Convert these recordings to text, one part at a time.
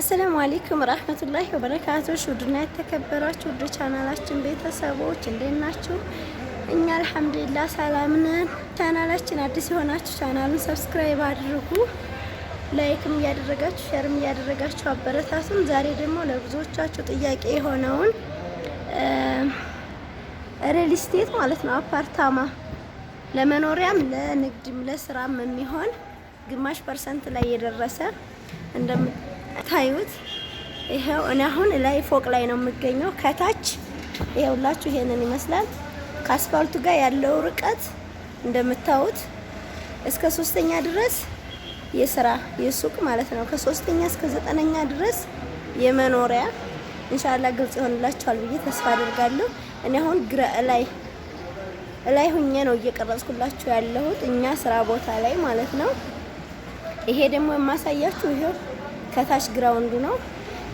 አሰላሙ አሌይኩም ረህመቱላሂ ወበረካቶች ውድና የተከበራችሁ ውድ ቻናላችን ቤተሰቦች እንዴት ናችሁ? እኛ አልሐምዱሊላ ሰላም ነን። ቻናላችን አዲስ የሆናችሁ ቻናሉን ሰብስክራይብ አድርጉ፣ ላይክም እያደረጋችሁ ሸርም እያደረጋችሁ አበረታቱም። ዛሬ ደግሞ ለብዙዎቻችሁ ጥያቄ የሆነውን ሪል ስቴት ማለት ነው አፓርታማ ለመኖሪያም ለንግድም ለስራም የሚሆን ግማሽ ፐርሰንት ላይ የደረሰ እንደም ታዩት። ይሄው እኔ አሁን ላይ ፎቅ ላይ ነው የሚገኘው። ከታች ይሄውላችሁ ይሄንን ይመስላል። ከአስፋልቱ ጋር ያለው ርቀት እንደምታዩት እስከ ሶስተኛ ድረስ የስራ የሱቅ ማለት ነው። ከሶስተኛ እስከ ዘጠነኛ ድረስ የመኖሪያ እንሻላ ግልጽ ይሆንላችኋል ብዬ ተስፋ አድርጋለሁ። እኔ አሁን ግራ ላይ ላይ ሁኜ ነው እየቀረጽኩላችሁ ያለሁት እኛ ስራ ቦታ ላይ ማለት ነው። ይሄ ደግሞ የማሳያችሁ ይሄው ከታች ግራውንዱ ነው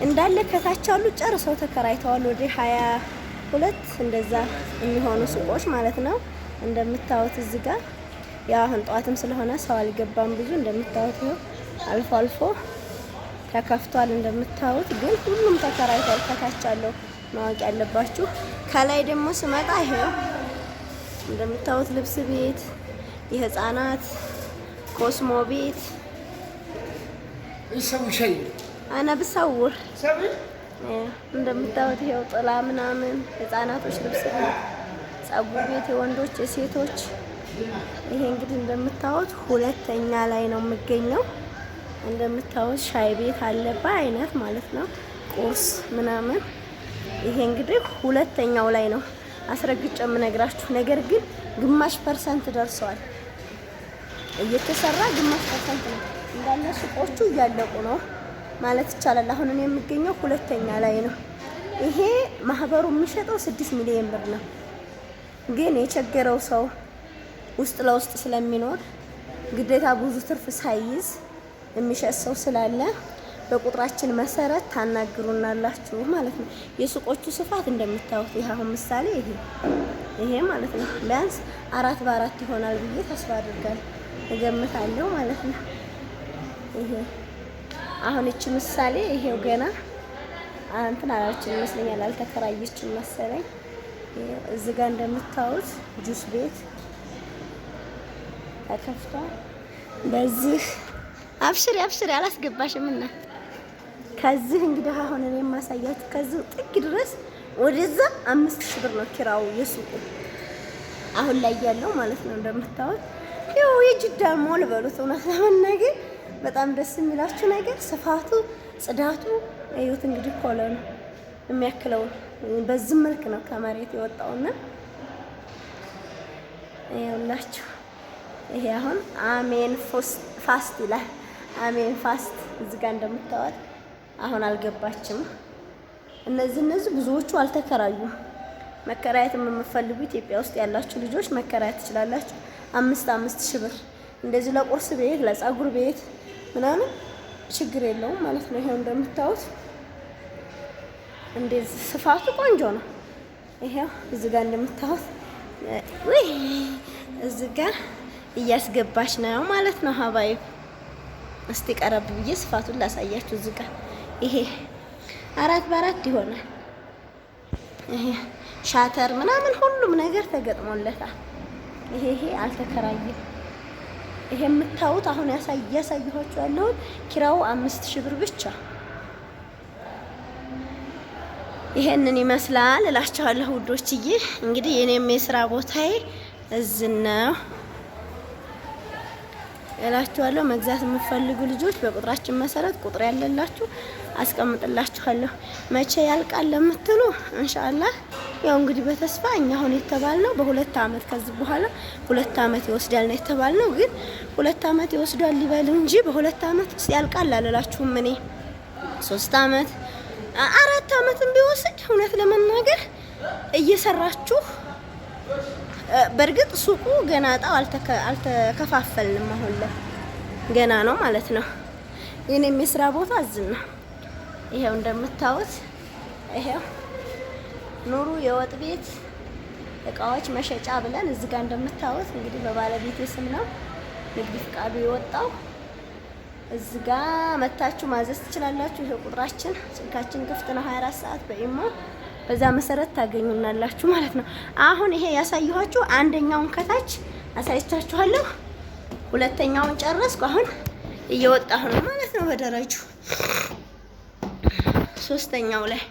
እንዳለ ከታች አሉ ጨርሰው ተከራይተዋል። ወደ ሀያ ሁለት እንደዛ የሚሆኑ ሱቆች ማለት ነው። እንደምታዩት እዚህ ጋር ያው አሁን ጠዋትም ስለሆነ ሰው አልገባም ብዙ። እንደምታዩት ነው አልፎ አልፎ ተከፍቷል። እንደምታዩት ግን ሁሉም ተከራይቷል። ከታች አለው ማወቅ ያለባችሁ። ከላይ ደግሞ ስመጣ ይሄው እንደምታዩት ልብስ ቤት፣ የህፃናት ኮስሞ ቤት አና ብሰውር እንደምታዩት ይኸው ጥላ ምናምን ህፃናቶች ልብስ ጸጉር ቤት የወንዶች የሴቶች። ይሄ እንግዲህ እንደምታዩት ሁለተኛ ላይ ነው የሚገኘው። እንደምታዩት ሻይ ቤት አለባ አይነት ማለት ነው፣ ቁርስ ምናምን። ይሄ እንግዲህ ሁለተኛው ላይ ነው አስረግጬ የምነግራችሁ ነገር ግን ግማሽ ፐርሰንት ደርሰዋል። እየተሰራ ግማሽ ፐርሰንት ነው እንዳለ ሱቆቹ እያለቁ ነው ማለት ይቻላል። አሁን እኔ የሚገኘው ሁለተኛ ላይ ነው። ይሄ ማህበሩ የሚሸጠው ስድስት ሚሊዮን ብር ነው። ግን የቸገረው ሰው ውስጥ ለውስጥ ስለሚኖር ግዴታ ብዙ ትርፍ ሳይይዝ የሚሸጥ ሰው ስላለ በቁጥራችን መሰረት ታናግሩናላችሁ ማለት ነው። የሱቆቹ ስፋት እንደምታዩት ይህ አሁን ምሳሌ ይሄ ይሄ ማለት ነው ቢያንስ አራት በአራት ይሆናል ብዬ ተስፋ አድርጋለሁ። እገምታለሁ ማለት ነው። ይሄ አሁን እቺ ምሳሌ ይሄው ገና እንትን አላለችም ይመስለኛል፣ አልተከራየችም መሰለኝ። እዚህ ጋር እንደምታዩት ጁስ ቤት ተከፍቷል። በዚህ አብሽሪ አብሽሪ አላስገባሽም እና ከዚህ እንግዲህ አሁን እኔ የማሳያችሁ ከዚህ ጥግ ድረስ ወደዛ አምስት ሺህ ብር ነው ኪራዩ የሱቁ አሁን ላይ ያለው ማለት ነው እንደምታዩት ያው የጅዳ ሞል በሉት። እውነት ለመናገር በጣም ደስ የሚላችሁ ነገር ስፋቱ፣ ጽዳቱ እዩት። እንግዲህ ኮለኑ የሚያክለው በዚህ መልክ ነው ከመሬት የወጣውና ይኸውላችሁ ይሄ አሁን አሜን ፋስት ይላል። አሜን ፋስት እዚህ ጋር እንደምታዋል አሁን አልገባችም። እነዚህ እነዚህ ብዙዎቹ አልተከራዩም። መከራየት የምትፈልጉ ኢትዮጵያ ውስጥ ያላችሁ ልጆች መከራየት ትችላላችሁ። አምስት አምስት ሺህ ብር እንደዚህ ለቁርስ ቤት ለፀጉር ቤት ምናምን ችግር የለውም ማለት ነው። ይሄው እንደምታዩት እንደዚህ ስፋቱ ቆንጆ ነው። ይሄው እዚህ ጋር እንደምታዩት ወይ እዚህ ጋር እያስገባች ነው ማለት ነው። ሀባይ እስቲ ቀረብ ብዬ ስፋቱን ላሳያችሁ። እዚህ ጋር ይሄ አራት በአራት ይሆናል። ይሄ ሻተር ምናምን ሁሉም ነገር ተገጥሞለታል። ይሄ ይሄ አልተከራየም። ይሄ የምታዩት አሁን እያሳየኋችሁ ያለውን ኪራዩ አምስት ሺህ ብር ብቻ ይሄንን ይመስላል እላችኋለሁ ውዶችዬ። እንግዲህ የኔም የስራ ቦታዬ እዝን ነው እላችኋለሁ። መግዛት የምትፈልጉ ልጆች በቁጥራችን መሰረት ቁጥር ያለላችሁ አስቀምጥላችኋለሁ። መቼ ያልቃል ለምትሉ እንሻአላህ ያው እንግዲህ በተስፋ እኛ አሁን የተባልነው በሁለት አመት ከዚህ በኋላ ሁለት አመት ይወስዳል ነው የተባልነው። ግን ሁለት አመት ይወስዳል ሊበል እንጂ በሁለት አመት ውስጥ ያልቃል አልላችሁም። እኔ ሶስት አመት አራት አመትም ቢወስድ እውነት ለመናገር እየሰራችሁ በእርግጥ ሱቁ ገና እጣው አልተከፋፈልንም። አሁን ላይ ገና ነው ማለት ነው። የኔም የስራ ቦታ እዚህ ነው። ይሄው እንደምታዩት ይሄው ኑሩ የወጥ ቤት እቃዎች መሸጫ ብለን እዚህ ጋር እንደምታዩት እንግዲህ በባለቤቴ ስም ነው ንግድ ፍቃዱ የወጣው። እዚህ ጋር መታችሁ ማዘዝ ትችላላችሁ። ይሄ ቁጥራችን ስልካችን ክፍት ነው 24 ሰዓት በኢሞ በዛ መሰረት ታገኙናላችሁ ማለት ነው። አሁን ይሄ ያሳየኋችሁ አንደኛውን ከታች አሳይቻችኋለሁ። ሁለተኛውን ጨረስኩ። አሁን እየወጣሁ ነው ማለት ነው በደረጃው ሶስተኛው ላይ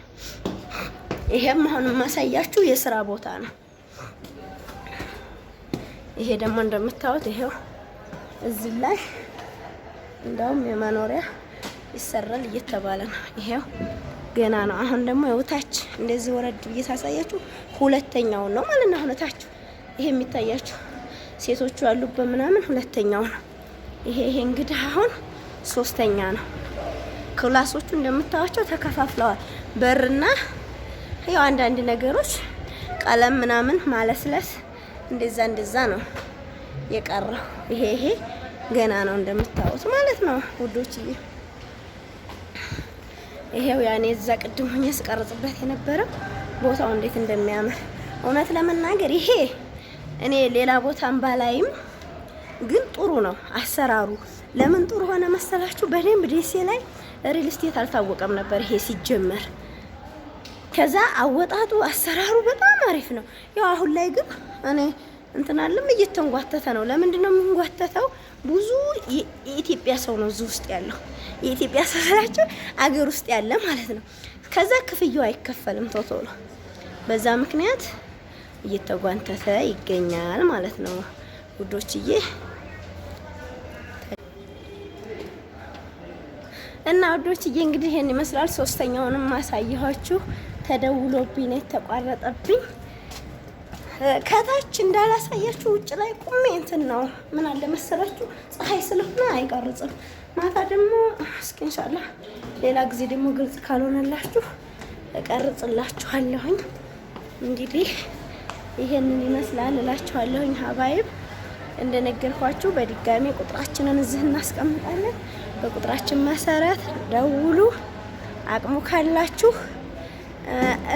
ይሄም አሁን የማሳያችሁ የስራ ቦታ ነው። ይሄ ደግሞ እንደምታዩት ይሄው እዚህ ላይ እንደውም የመኖሪያ ይሰራል እየተባለ ነው። ይሄው ገና ነው። አሁን ደግሞ የውታች እንደዚህ ወረድ ብዬ ሳሳያችሁ ነው ማለት ነው። አሁን ታች ይሄ የሚታያችሁ ሴቶቹ ያሉበት ምናምን ሁለተኛው ነው። ይሄ ይሄ እንግዲህ አሁን ሶስተኛ ነው። ክላሶቹ እንደምታዋቸው ተከፋፍለዋል በርና ያው አንዳንድ ነገሮች ቀለም ምናምን ማለስለስ እንደዛ እንደዛ ነው የቀረው። ይሄ ይሄ ገና ነው እንደምታዩት ማለት ነው ውዶችዬ። ይሄው ያኔ እዛ ቅድም ሆኜ ስቀርጽበት የነበረው ቦታው እንዴት እንደሚያምር እውነት ለመናገር ይሄ እኔ ሌላ ቦታም ባላይም ግን ጥሩ ነው አሰራሩ። ለምን ጥሩ ሆነ መሰላችሁ? በደንብ ደሴ ላይ ሪል ስቴት አልታወቀም ነበር ይሄ ሲጀመር ከዛ አወጣጡ አሰራሩ በጣም አሪፍ ነው። ያው አሁን ላይ ግን እኔ እንትናለም እየተንጓተተ ነው። ለምንድን ነው የምንጓተተው? ብዙ የኢትዮጵያ ሰው ነው እዚህ ውስጥ ያለው። የኢትዮጵያ ሰው ስላቸው አገር ውስጥ ያለ ማለት ነው። ከዛ ክፍያው አይከፈልም ቶቶሎ። በዛ ምክንያት እየተጓንተተ ይገኛል ማለት ነው ውዶችዬ። እና ውዶችዬ እንግዲህ ይሄን ይመስላል። ሶስተኛውንም ማሳየኋችሁ። ተደውሎብኝ የተቋረጠብኝ። ከታች እንዳላሳያችሁ ውጭ ላይ ቁሜ እንትን ነው ምን አለ መሰላችሁ ፀሐይ ስለሆነ አይቀርጽም። ማታ ደግሞ እስኪ እንሻላ ሌላ ጊዜ ደግሞ ግልጽ ካልሆነላችሁ እቀርጽላችኋለሁኝ። እንግዲህ ይሄንን ይመስላል እላችኋለሁኝ። ሀባይብ እንደነገርኳችሁ በድጋሚ ቁጥራችንን እዚህ እናስቀምጣለን። በቁጥራችን መሰረት ደውሉ አቅሙ ካላችሁ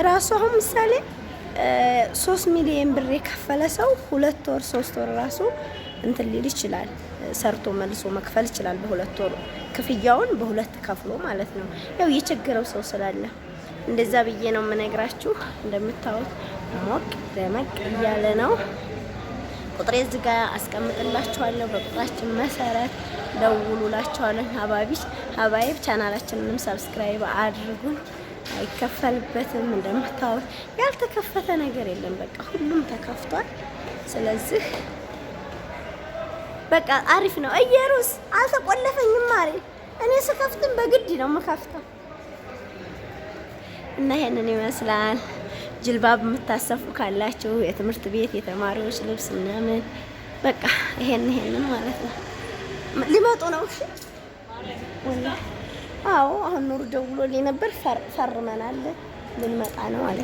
ራሱ አሁን ምሳሌ ሶስት ሚሊዮን ብር የከፈለ ሰው ሁለት ወር ሶስት ወር ራሱ እንትን ሊል ይችላል። ሰርቶ መልሶ መክፈል ይችላል። በሁለት ወር ክፍያውን በሁለት ከፍሎ ማለት ነው። ያው የቸገረው ሰው ስላለ እንደዛ ብዬ ነው የምነግራችሁ። እንደምታዩት ሞቅ ደመቅ እያለ ነው። ቁጥሬ እዚህ ጋር አስቀምጥላችኋለሁ። በቁጥራችን መሰረት ደውሉላችኋለሁ። ሀባቢ ሀባይብ ቻናላችንንም ሰብስክራይብ አድርጉን። አይከፈልበትም። እንደምታወት ያልተከፈተ ነገር የለም። በቃ ሁሉም ተከፍቷል። ስለዚህ በቃ አሪፍ ነው። እየሩስ አልተቆለፈኝም ማሪ። እኔ ስከፍትም በግድ ነው የምከፍተው። እና ይሄንን ይመስላል። ጅልባብ የምታሰፉ ካላችሁ የትምህርት ቤት የተማሪዎች ልብስ ምናምን በቃ ይሄን ይሄንን ማለት ነው። ሊመጡ ነው። እሺ አዎ አሁን ኑር ደውሎልኝ ነበር፣ ፈርመናል ልንመጣ ነው አለ።